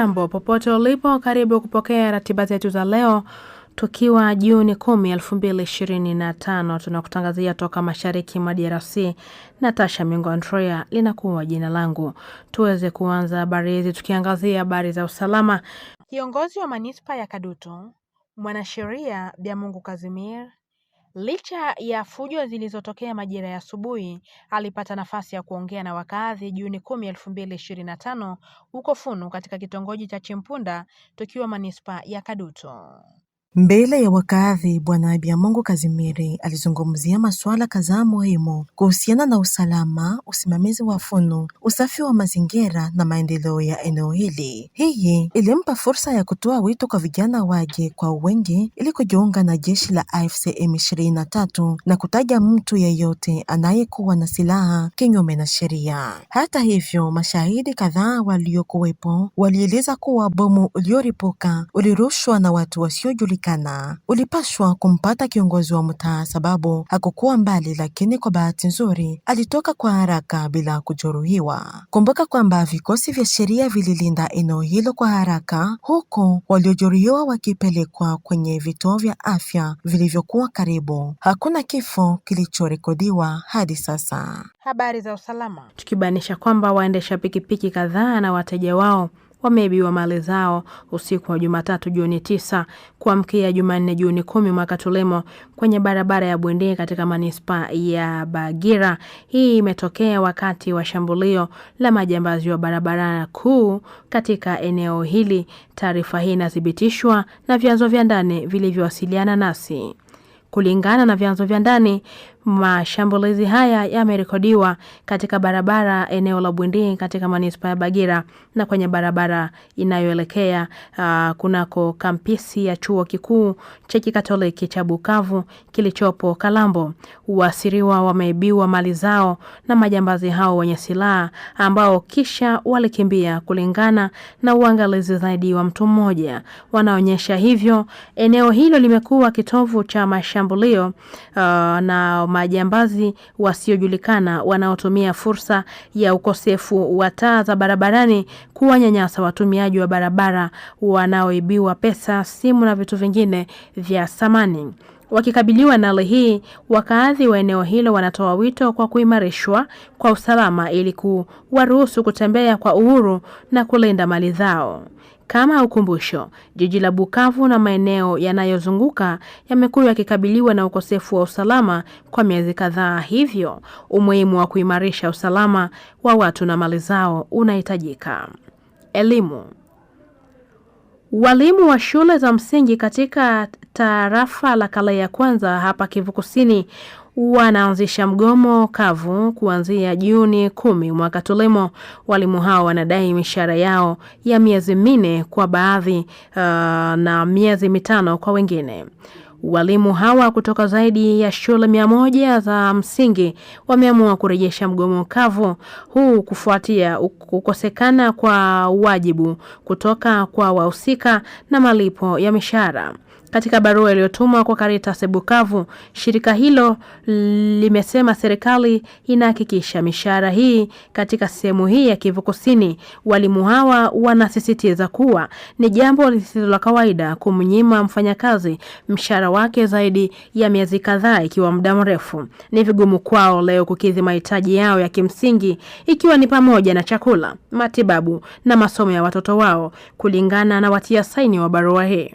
Hujambo popote ulipo, karibu kupokea ratiba zetu za leo, tukiwa Juni kumi elfu mbili ishirini na tano. Tunakutangazia toka mashariki mwa DRC. Natasha Mingo Andrea linakuwa jina langu. Tuweze kuanza habari hizi tukiangazia habari za usalama. Kiongozi wa manispa ya Kadutu mwanasheria Byamungu Kazimir Licha ya fujo zilizotokea majira ya asubuhi, alipata nafasi ya kuongea na wakaazi Juni kumi elfu mbili ishirini na tano huko Funu katika kitongoji cha Chimpunda, tukiwa manispaa ya Kadutu. Mbele ya wakaadhi, Bwana mungu Kazimiri alizungumzia masuala kadhaa muhimu kuhusiana na usalama, usimamizi wa funu, usafi wa mazingira na maendeleo ya eneo hili. Hii ilimpa fursa ya kutoa wito kwa vijana waje kwa wengi ili kujiunga na jeshi la AFC M23 na kutaja mtu yeyote anayekuwa na silaha kinyume na sheria. Hata hivyo, mashahidi kadhaa waliokuwepo walieleza kuwa bomu ulioripuka ulirushwa na watu wasiojulikana kupatikana. Ulipashwa kumpata kiongozi wa mtaa sababu hakukuwa mbali, lakini kwa bahati nzuri alitoka kwa haraka bila kujeruhiwa. Kumbuka kwamba vikosi vya sheria vililinda eneo hilo kwa haraka, huku waliojeruhiwa wakipelekwa kwenye vituo vya afya vilivyokuwa karibu. Hakuna kifo kilichorekodiwa hadi sasa. Habari za usalama, tukibanisha kwamba waendesha pikipiki kadhaa na wateja wao wameibiwa mali zao usiku wa Jumatatu Juni tisa kuamkia Jumanne Juni kumi mwaka tulimo kwenye barabara ya Bwende katika manispaa ya Bagira. Hii imetokea wakati wa shambulio la majambazi wa barabara kuu katika eneo hili. Taarifa hii inathibitishwa na vyanzo vya ndani vilivyowasiliana nasi. Kulingana na vyanzo vya ndani, Mashambulizi haya yamerekodiwa katika barabara eneo la Bwindi katika manispaa ya Bagira na kwenye barabara inayoelekea uh, kunako kampisi ya chuo kikuu cha Kikatoliki cha Bukavu kilichopo Kalambo. Wasiriwa wameibiwa mali zao na majambazi hao wenye silaha ambao kisha walikimbia, kulingana na uangalizi zaidi wa mtu mmoja wanaonyesha hivyo. Eneo hilo limekuwa kitovu cha mashambulio uh, na majambazi wasiojulikana wanaotumia fursa ya ukosefu wa taa za barabarani kuwanyanyasa watumiaji wa barabara wanaoibiwa pesa, simu na vitu vingine vya thamani. Wakikabiliwa na hali hii, wakaadhi wa eneo hilo wanatoa wito kwa kuimarishwa kwa usalama ili kuwaruhusu kutembea kwa uhuru na kulinda mali zao. Kama ukumbusho, jiji la Bukavu na maeneo yanayozunguka yamekuwa yakikabiliwa na ukosefu wa usalama kwa miezi kadhaa, hivyo umuhimu wa kuimarisha usalama wa watu na mali zao unahitajika. Elimu. Walimu wa shule za msingi katika tarafa la Kalehe ya kwanza hapa Kivu Kusini wanaanzisha mgomo kavu kuanzia Juni kumi mwaka tulimo. Walimu hao wanadai mishahara yao ya miezi minne kwa baadhi uh, na miezi mitano kwa wengine. Walimu hawa kutoka zaidi ya shule mia moja za msingi wameamua kurejesha mgomo kavu huu kufuatia kukosekana kwa wajibu kutoka kwa wahusika na malipo ya mishahara. Katika barua iliyotumwa kwa Caritas Bukavu, shirika hilo limesema serikali inahakikisha mishahara hii katika sehemu hii ya Kivu Kusini. Walimu hawa wanasisitiza kuwa ni jambo lisilo la kawaida kumnyima mfanyakazi mshahara wake zaidi ya miezi kadhaa ikiwa muda mrefu. Ni vigumu kwao leo kukidhi mahitaji yao ya kimsingi ikiwa ni pamoja na chakula, matibabu na masomo ya watoto wao, kulingana na watia saini wa barua hii.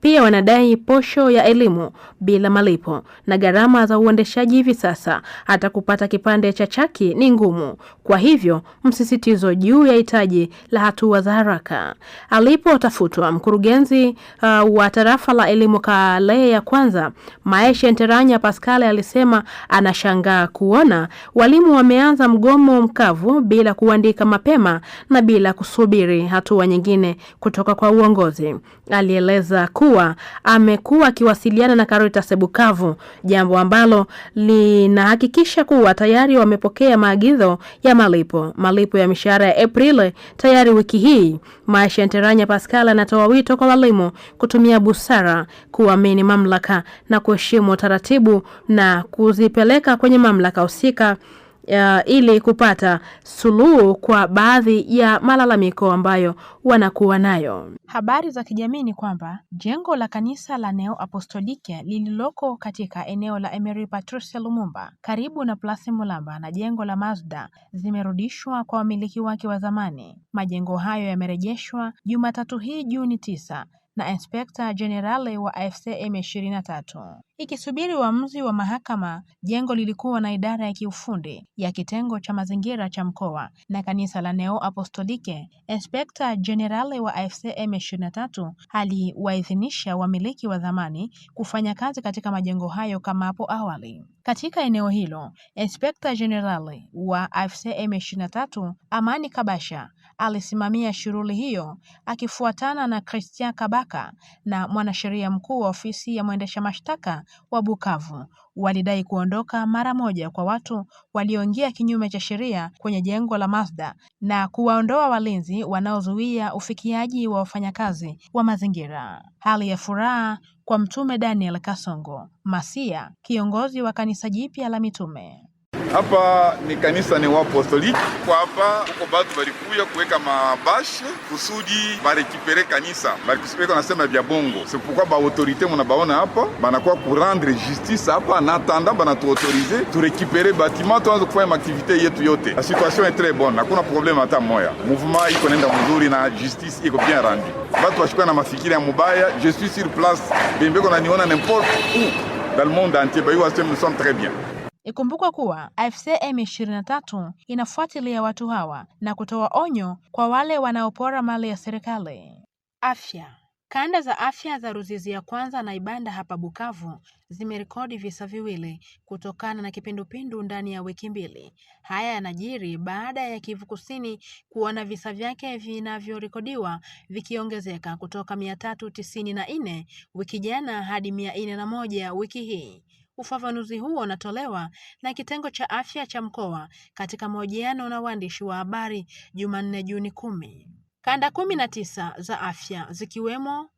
Pia wanadai posho ya elimu bila malipo na gharama za uendeshaji. Hivi sasa hata kupata kipande cha chaki ni ngumu, kwa hivyo msisitizo juu ya hitaji la hatua za haraka. Alipotafutwa mkurugenzi uh, wa tarafa la elimu Kale ya kwanza, Maeshe Nteranya Paskale alisema anashangaa kuona walimu wameanza mgomo mkavu bila kuandika mapema na bila kusubiri hatua nyingine kutoka kwa uongozi. Alieleza ku kuwa amekuwa akiwasiliana na Caritas Bukavu, jambo ambalo linahakikisha kuwa tayari wamepokea maagizo ya malipo. Malipo ya mishahara ya Aprili tayari wiki hii. Maisha Nteranya Pascal anatoa wito kwa walimu kutumia busara, kuamini mamlaka na kuheshimu taratibu na kuzipeleka kwenye mamlaka husika uh, ili kupata suluhu kwa baadhi ya malalamiko ambayo wanakuwa nayo. Habari za kijamii ni kwamba jengo la kanisa la Neo Apostolike lililoko katika eneo la Emery Patrice Lumumba karibu na Place Mulamba na jengo la Mazda zimerudishwa kwa wamiliki wake wa zamani. Majengo hayo yamerejeshwa Jumatatu hii Juni tisa na inspekta jenerale wa AFC M23. Ikisubiri uamuzi wa, wa mahakama, jengo lilikuwa na idara ya kiufundi ya kitengo cha mazingira cha mkoa na kanisa la Neo Apostolike. Inspekta jenerali wa AFC M23 aliwaidhinisha wamiliki wa zamani kufanya kazi katika majengo hayo kama hapo awali. Katika eneo hilo, Inspekta Jenerali wa AFC M23 Amani Kabasha alisimamia shughuli hiyo akifuatana na Christian Kabaka na mwanasheria mkuu wa ofisi ya mwendesha mashtaka wa Bukavu walidai kuondoka mara moja kwa watu walioingia kinyume cha sheria kwenye jengo la Masda na kuwaondoa walinzi wanaozuia ufikiaji wa wafanyakazi wa mazingira. Hali ya furaha kwa Mtume Daniel Kasongo Masia, kiongozi wa Kanisa Jipya la Mitume. Hapa ni kanisa ni Waapostoliki kwa hapa huko, batu balikuya kuweka mabashe kusudi barekipere kanisa balikipere, nasema vya bongo sikukuwa ba autorite baona hapa banakuwa kurendre justice hapa na tanda banatuautorize turekipere batima tuanze kufanya maaktivite yetu yote. La situation est très bonne, hakuna problème hata moya. Mouvement iko nenda mzuri na justice iko bien rendu, batu bashikwa na mafikiri ya mubaya. Je suis sur place bembeko naniona nimporte ou dans le monde entier, bayuwasem nous sommes très bien Ikumbukwa kuwa AFC M23 inafuatilia watu hawa na kutoa onyo kwa wale wanaopora mali ya serikali. Afya. Kanda za afya za Ruzizi ya kwanza na Ibanda hapa Bukavu zimerekodi visa viwili kutokana na kipindupindu ndani ya wiki mbili. Haya yanajiri baada ya Kivu Kusini kuona visa vyake vinavyorekodiwa vikiongezeka kutoka 394 wiki jana hadi 401 wiki hii. Ufafanuzi huo unatolewa na kitengo cha afya cha mkoa katika mahojiano na waandishi wa habari Jumanne Juni kumi. Kanda kumi na tisa za afya zikiwemo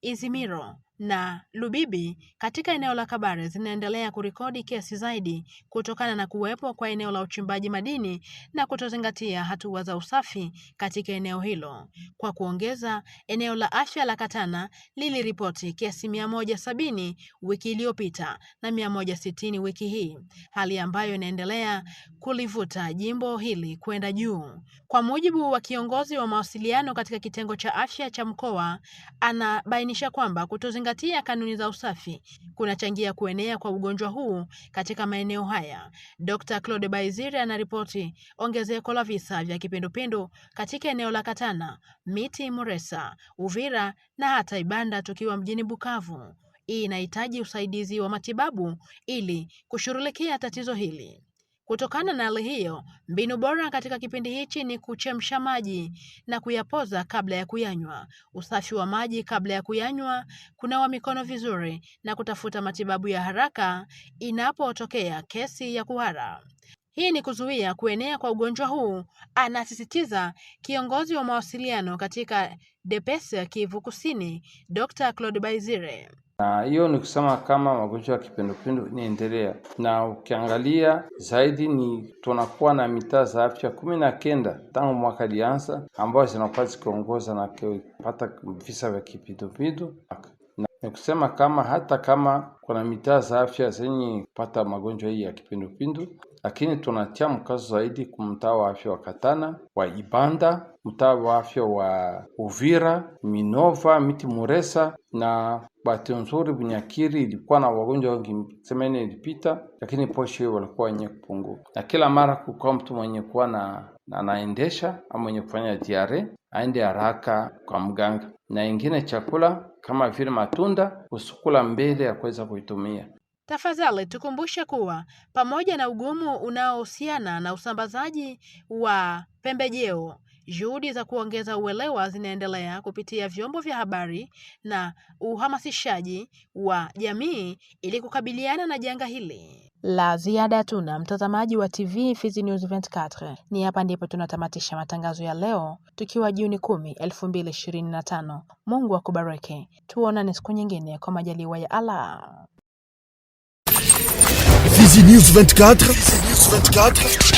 Izimiro, na Lubibi katika eneo la Kabare zinaendelea kurekodi kesi zaidi kutokana na kuwepo kwa eneo la uchimbaji madini na kutozingatia hatua za usafi katika eneo hilo. Kwa kuongeza, eneo la afya la Katana liliripoti kesi mia moja sabini wiki iliyopita na mia moja sitini wiki hii, hali ambayo inaendelea kulivuta jimbo hili kwenda juu. Kwa mujibu wa kiongozi wa mawasiliano katika kitengo cha afya cha mkoa, anabainisha kwamba kutozingatia kutozingatia kanuni za usafi kunachangia kuenea kwa ugonjwa huu katika maeneo haya. Dr. Claude Baizire anaripoti ongezeko la visa vya kipindupindu katika eneo la Katana, Miti, Muresa, Uvira na hata Ibanda, tukiwa mjini Bukavu. Hii inahitaji usaidizi wa matibabu ili kushughulikia tatizo hili. Kutokana na hali hiyo, mbinu bora katika kipindi hichi ni kuchemsha maji na kuyapoza kabla ya kuyanywa. Usafi wa maji kabla ya kuyanywa, kunawa mikono vizuri na kutafuta matibabu ya haraka inapotokea kesi ya kuhara. Hii ni kuzuia kuenea kwa ugonjwa huu, anasisitiza kiongozi wa mawasiliano katika DEPES Kivu Kusini, Dr. Claude Baizire na hiyo ni kusema kama magonjwa ya kipindupindu inaendelea, na ukiangalia zaidi ni tunakuwa na mitaa za afya kumi na kenda tangu mwaka ilianza, ambayo zinakuwa zikiongoza na kupata visa vya kipindupindu. Ni kusema kama hata kama kuna mitaa za afya zenye kupata magonjwa hii ya kipindupindu, lakini tunatia mkazo zaidi kumtaa wa afya wa Katana, wa Ibanda, mtaa wa afya wa Uvira, Minova, Miti Muresa na bahati nzuri Bunyakiri ilikuwa na wagonjwa wengi semene ilipita, lakini posho hiyo walikuwa wenye kupungua, na kila mara kukuwa mtu mwenye kuwa na anaendesha ama mwenye kufanya diare aende haraka kwa mganga, na ingine chakula kama vile matunda kusukula mbele ya kuweza kuitumia. Tafadhali tukumbushe kuwa pamoja na ugumu unaohusiana na usambazaji wa pembejeo Juhudi za kuongeza uelewa zinaendelea kupitia vyombo vya habari na uhamasishaji wa jamii ili kukabiliana na janga hili. La ziada tuna mtazamaji wa TV Fizi News 24. Ni hapa ndipo tunatamatisha matangazo ya leo tukiwa Juni 10, 2025. Mungu akubariki. Tuonane siku nyingine kwa majaliwa ya Allah. Fizi News 24. Fizi News 24.